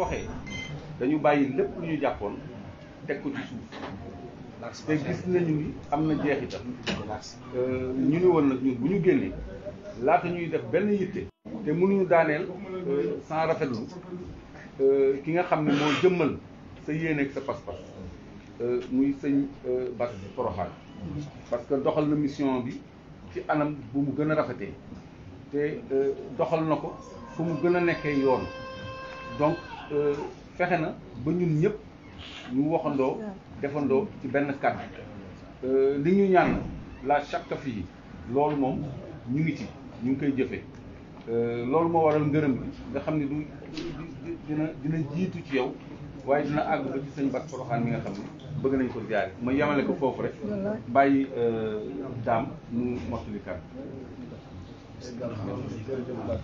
waxee dañu bàyyi lépp lu ñu jàppoon teg ko ci suuf te gis nañu ni am na jeexital euh, ñu ni woon nag ñun bu ñu génnee laata ñuy def benn yitte te mënuñu daaneel euh, sans rafetlu euh, ki nga xam ne moo jëmmal sa yéene ak sa pas muy sëñ Bass Porokhane parce que doxal na mission bi ci anam bu mu gën a rafetee te doxal na ko fu mu gën a nekkee yoon donc Euh, fexe na ba ñun ñëpp ñu waxandoo defandoo ci benn kàddu euh, li ñu ñaan la chaque fii loolu moom ñu ngi ci ñu ngi koy jëfee euh, loolu moo waral ngërëm bi nga xam ne du dina dina jiitu ci yow waaye dina àgg ba ci sëñ Bass Porokhane mi nga xam ne bëgg nañ ko ziare ma yemale ko foofu rek bàyyi daam nu mottali kàddu jërëjëf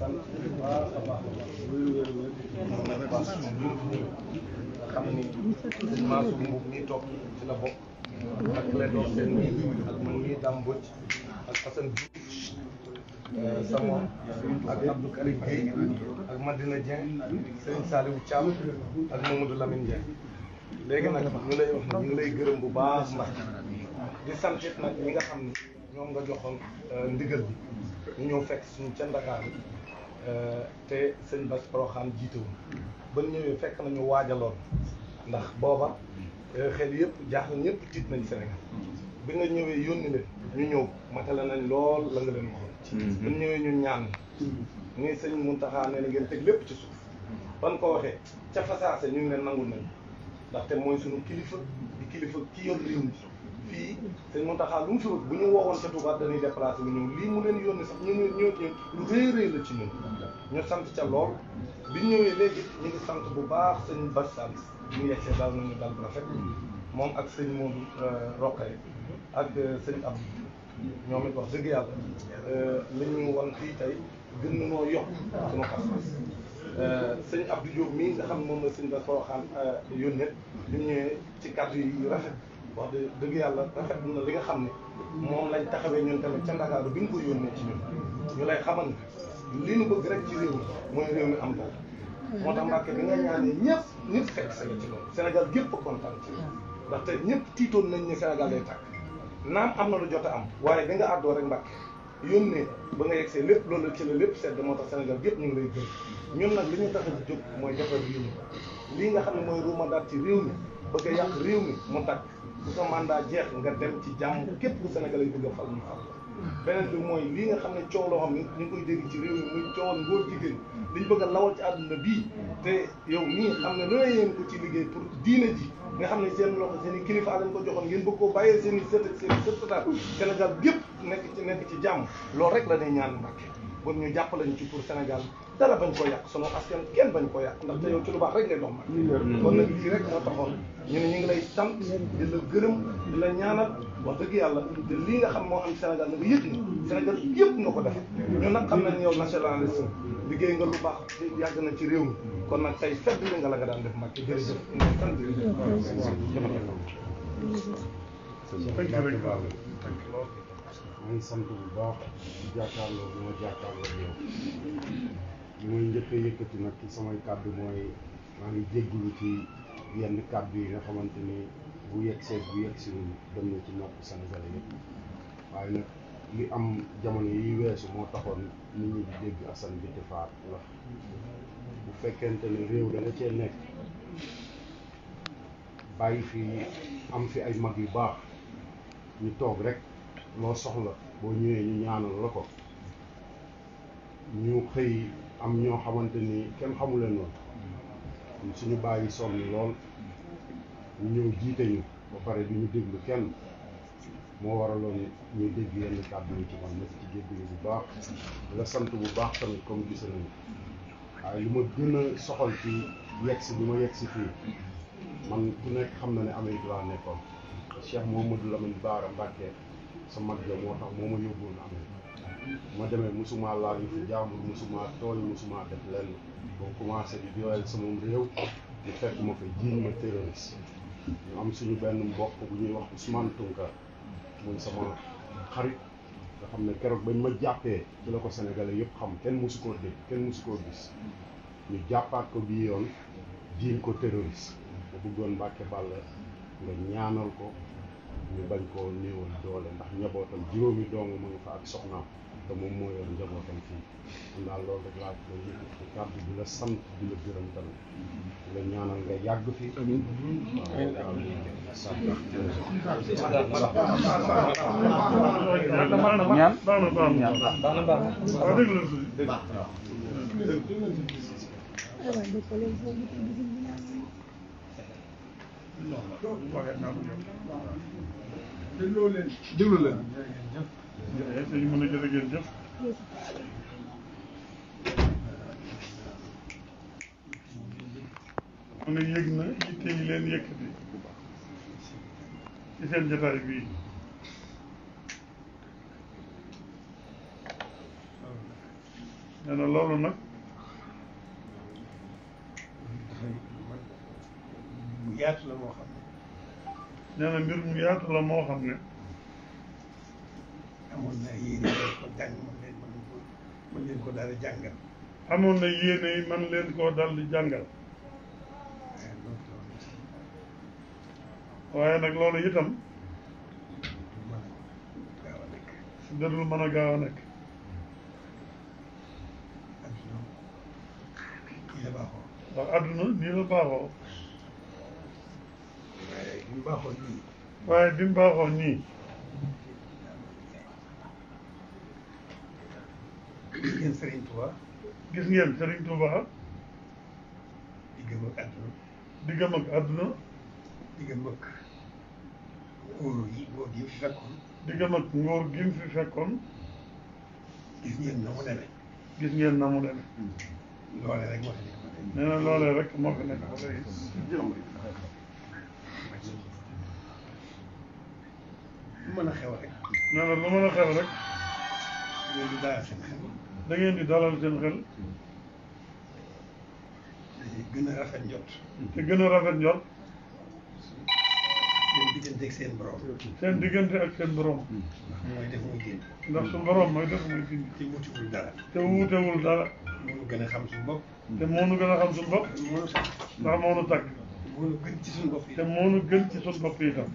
xam ni seen maasu mbub nii toog ci la bokk ak Clédor Sène nii ak man mii Dame Mbodj ak Assane Diouf Sama ak Abdou Karim Gueye ak Madina Dieng Serigne Saliou Thiam ak Mamadou Lamine Dieng léegi nag ñu lay wax ngi lay gërëm bu baax ndax di sant nag ñi nga xam ni ñoom nga joxoon euh, ndigal bi ñu ñëw fekk suñu ca Ndakaaru euh, te sëñ Bass Porokhane jiitewu ba ñëwee fekk nañu waajaloon ndax booba euh, xel yëpp jaaxle ñëpp tiit nañ Sénégal bi nga ñëwee yónni ñu ñëw matale nañ lool la nga leen waxoon mm-hmm. ba ñëwee ñu ñaan muy sëñ Muntaxa ne na ngeen teg lépp ci suuf ban ko waxee ca fasaase ñu ngi leen nangu nañ ndaxte mooy suñu kilifa di kilifa ki yor réew mi fii sëñ Mountakha lu mu bu ñu woowoon ca Touba dañuy déplacé wu lii mu leen yónni sax ñu ñu ñoo ñun lu rëy rëy la ci ñun ñu sant ca lool bi ñëwee léegi ñu ngi sant bu baax sëñ Bass Saliou ñu yegsee daal nañu dal bu rafet moom ak sëñ Modou euh, Rokhaya ak euh, sëñ Abdou ñoom it wax dëgg yàlla euh, li ñu wan fii tey gën na noo yokk sëñ Abdou Diop mii nga xam moom la sëñ Bass Porokhane yónnee li ñëwee ci kàddu yi rafet wax dëgg yàlla rafetlu na li nga xam ne moom lañ taxawee ñun tamit ca Ndakaaru bi ñu ko yónnee ci ñun ñu lay xamal li ñu bëgg ci réew mi mooy am taw mm. moo tax bi nga ñaanee ñëpp ñëpp fekk sa ci loolu Sénégal gépp kontaan ci mm. ndaxte ñëpp tiitoon nañ ne Sénégal day tàkk naam am na lu jot a am waaye bi nga àddoo rek Mbàkke yónnee ba nga yegsee lépp loolu ci la lépp sedd moo tax Sénégal gépp ñu ngi lay gën ñun nag li ñu tax jóg mooy defar réew mi lii nga xam ne mooy ruuma daat ci réew mi bëgg a yàq réew mi mu tàkk bu sa mandat jeex nga dem ci jàmm képp ku Sénégal yi bëgg a fal ñu beneen bi mooy li nga xam ne coow loo xam ñu koy dégg ci réew mi muy coowal ngóor jigéen li ñu bëgg a lawal ci àdduna bii te yow nii xam ne looy yéen ko ci liggéey pour diine ji nga xam ne seen loxo seen i kilifa lañ ko joxoon ngeen bëgg koo bàyyee seen i sët ak seen i sëtataat gépp nekk ci nekk ci jàmm loolu rek la ne ñaan Mbàkke pour ñu jàppale ñu ci pour Sénégal dara bañ koo yàq sunu askan kenn bañ koo yàq ndaxte yow ci lu baax rek kon nag lii rek moo taxoon ñu ne ñu ngi lay sant di la gërëm di la ñaanal wax dëgg yàlla te lii nga xam moo am Sénégal na nga yëg ni Sénégal yëpp ko def ñu nag xam nañ yow nationaliste liggéey nga lu baax yàgg na ci réew mi kon na tey fedd li nga la nga daan def Mbacke jërëjëf ñu ngi sant jërëjëf maa sant bu baax di jàkkaarloo bi ma jàkkaarloo nag ci samay kàddu mooy maa ngi jéggulu ci yenn kàddu yi nga xamante ni bu yegg seet bu yegg ci nopp li am jamono yi weesu moo taxoon nit ñi di dégg Assane Diouf Fall ndax ne réew da nga cee nekk bàyyi fi am fi ay mag yu baax ñu toog rek. loo soxla boo ñëwee ñu ñaanal la ko ñu xëy am ñoo xamante ni kenn xamuleen woon mm-hmm. suñu bàyyi sonn lool ñu jiite ñu ba pare du ñu déglu kenn moo waraloon ñu dégg yenn kàddu yi ci man na ci déglu bu baax la sant bu baax tamit comme gis nañu waaye li ma gën a soxal ci yegg si li ma yegg si fii mm-hmm. man ku nekk xam na ne Amérique laa nekkoon Cheikh la Lamine Bara Mbacké sa mag ja moo tax moo ma yóbbuwoon Amérique ma demee musuma laal yu fi jàmbur musuma tooñ musuma def lenn boo commencé di doyal sama réew di fekk ma fa jiiñ ma terroriste ñu am suñu benn mbokk bu ñuy wax Ousmane Tounkara muy sama xarit nga xam ne keroog bañ ma jàppee ci la ko sénégalais yëpp xam kenn mosu koo dégg kenn mosu koo gis ñu jàppaat ko bii yoon jiiñ ko terroriste ba bëggoon Mbàkke Bàll nga ñaanal ko ñu bañ koo néewal doole ndax njabootam juróomi dong ak soxnaam te moom moo yor njabootam fii kon loolu rek laa ko yëkkati kàddu di la sant di la gërëm tamit la ñaanal nga yàgg fi amiin waaw waaw waaw déglu leen. déglu leen. jërëjëf dañu mën a jërë ngeen jëf. mu ne yëg na yitte yi leen yëkkati ci seen jotaay bii. nee loolu nag. nee na mbir mu yaatu la moo xam amoon na yéene ko jàng man leen ko man leen amoon na yéene man leen koo daal di jàngal. nag loolu itam. dadul mën a gaaw a nekk. ndax adduna nii mu baaxoon nii. waaye bi mu baaxoon nii. gis ngeen Serigne Touba. gis ngeen Serigne Touba. diggam ak àdduna. diggam ak àdduna. diggam ak ngóor yi gi mu fi fekkoon. diggam gis ngeen na mu gis ngeen na mu demee. loolee rek moo fi nekk ba na loolee rek moo mën a xew rek. nee na lu mën a xew rek. da ngeen di dalal seen xel. da ngeen di dalal seen xel. te gën a rafet njot. te gën a rafet njot. seen diggante ak seen borom. seen diggante ak seen borom. ndax mooy def muy génn. ndax su borom mooy def muy génn. te wutewul dara. te wutewul dara. moo gën a xam suñu bopp. te moo nu gën a xam suñu bopp. ndax moo nu tàgg. moo nu gën ci suñu bopp yi. te moo nu gën ci suñu bopp yi tam.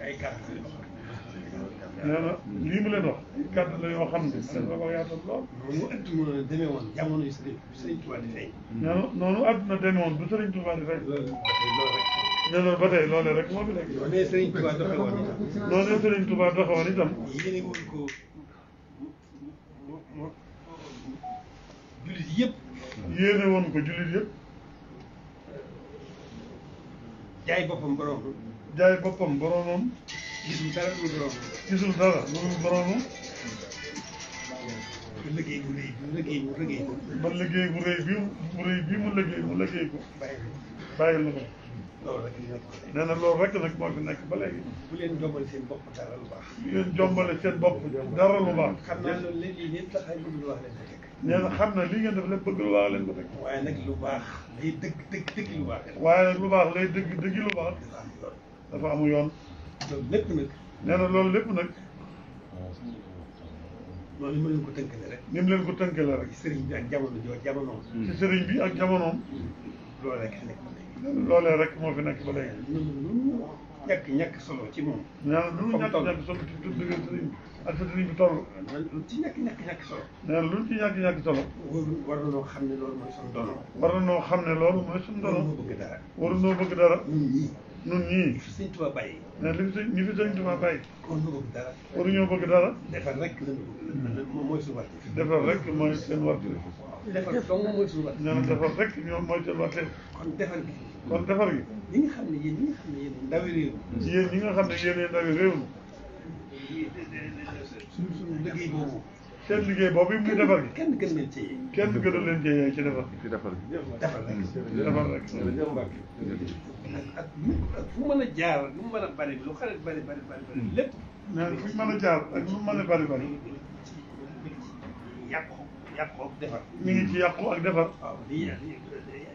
ay kàddu nee na lii mu leen wax kàddu la yoo xam ne mën na ko yaatal lool. noonu adduna demee woon jamono yi Sëriñ Tuubaa di fay. nee na noonu adduna demee woon bu Sëriñ Tuubaa di fay. nee na ba tey loolee rek moo fi nekk. noonee Sëriñ Tuubaa doxee woon itam. noonee Sëriñ Tuubaa doxee woon itam. yéene woon ko jullit yëpp. yéene woon ko jullit yëpp. jaay boppam boromam. jaay boppam boromam. gis nga dara du boromam. gisul dara loolu boromam. liggéey bu rëy bu liggéey bu liggéey ko. ba liggéey bu rëy bi bu rëy bi mu liggéey mu liggéey ko. bàyyi na ko. loolu rek nee na loolu rek nag moo fi nekk ba léegi. bu leen jombale seen bopp dara lu baax. bu leen jombale seen bopp dara lu baax. xam naa loolu léegi yéen tax ay bëgg lu wax leen ko teg. nee na xam na li ngeen def lépp bëgg lu wax leen ko teg. waaye nag lu baax lay dëgg dëgg dëgg lu baax. waaye nag lu baax lay dëgg dëgg lu baax. dafa am yoon. loolu lépp nag. nee na loolu lépp nag. noonu ni leen ko tënkale rek. ni leen ko tënkale rek. ci sëriñ bi ak jamono joo jamonoom. ci ak jamonoom. loolu rek nekk ba léegi. loolee rek moo fi nekk ba léegi. ñàkk ñàkk solo ci moom. nee lu mu ñàkk ñàkk solo ci diggante sëriñ bi ak sa lu ci ñàkk ñàkk solo. nee lu ci ñàkk ñàkk solo. war na noo xam ne loolu mooy suñu dono. war na noo xam ne loolu mooy suñu dono. waruñoo bëgg dara. bëgg dara. ñun ñii. li fi sëñ Tuubaa bàyyi. nee li fi sëñ li fi dara. waruñoo bëgg dara. defar rek mooy suñu wàtte. defar rek mooy seen wàtte. defar dong mooy suñu wàtte. nee na defar rek ñoom mooy seen wàtte. kon defar gi. ñi nga xam ne yéen ñi nga xam ne yéen ndawi réew mi. ñi nga xam ne yéen ndawi réew mi. suñu boobu. seen liggéey boobu mu defar gi kenn gën leen ci kenn gënal leen ci ci defar ci defar defar rek defar rek ak ak fu mën a jaar lu mu mën a bari lu xale bari bari bari bari lépp fu mën a jaar ak lu mën bari bari yàqu yàqu mi ngi ci yàqu ak defar waaw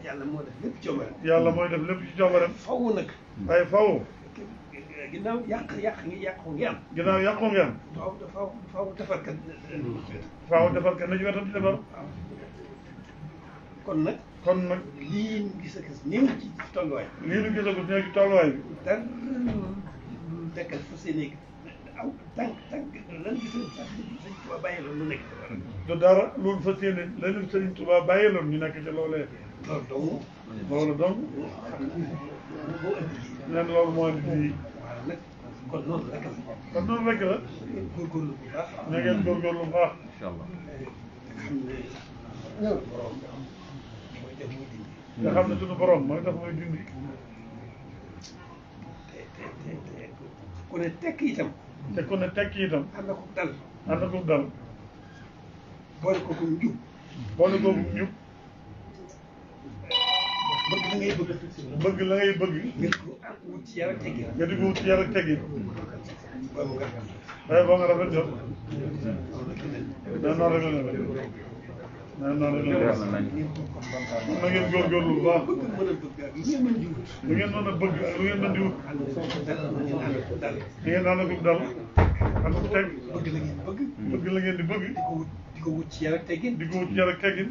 yàlla moo def ci coobareem yàlla mooy def lépp ci coobareem faw nag waaye faw waaye ginnaaw yàq yàq ngi yàqu ngi am. ginnaaw yàqu ngi am. faaw faaw faaw defarkat. faaw defarkat na ci wetam di defar. kon nag. kon nag lii ñu gis a gis néew ci tolluwaay. lii ñu gis a ñu nekk dong. loolu dong. nee moo indi waaw nag kon noonu rek la. kon noonu rek la. góorgóorlu bu baax. na ngeen góorgóorlu bu baax. incha allah. nga xam ne sunu borom mooy tax mooy dindi. te te te ku ne tekk itam. te ku ne tekk itam. ànd akub dal. ànd akub dal. boole ko ku njub. boole ko ku njub. bëgg la ngay bëgg. bëgg la ngay bëgg. nga di ko wut yar ak teggin. Eh, nga di ko wut yar ak teggin. nga a bëgg di ko wut yar ak teggin.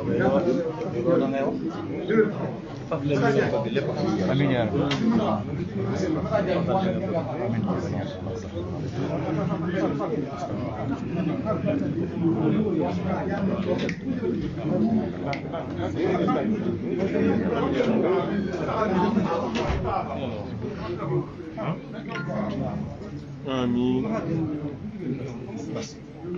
loolu la ngay wax. amiin yaa amiin.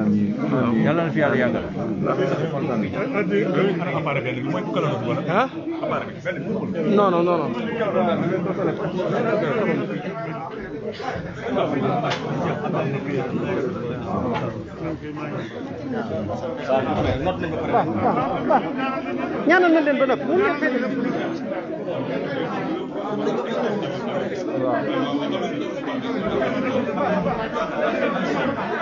amiin yàlla na fi yàlla yàggal. ah. non non non non. waaw waaw waaw ñaanal na leen ba noppi waaw.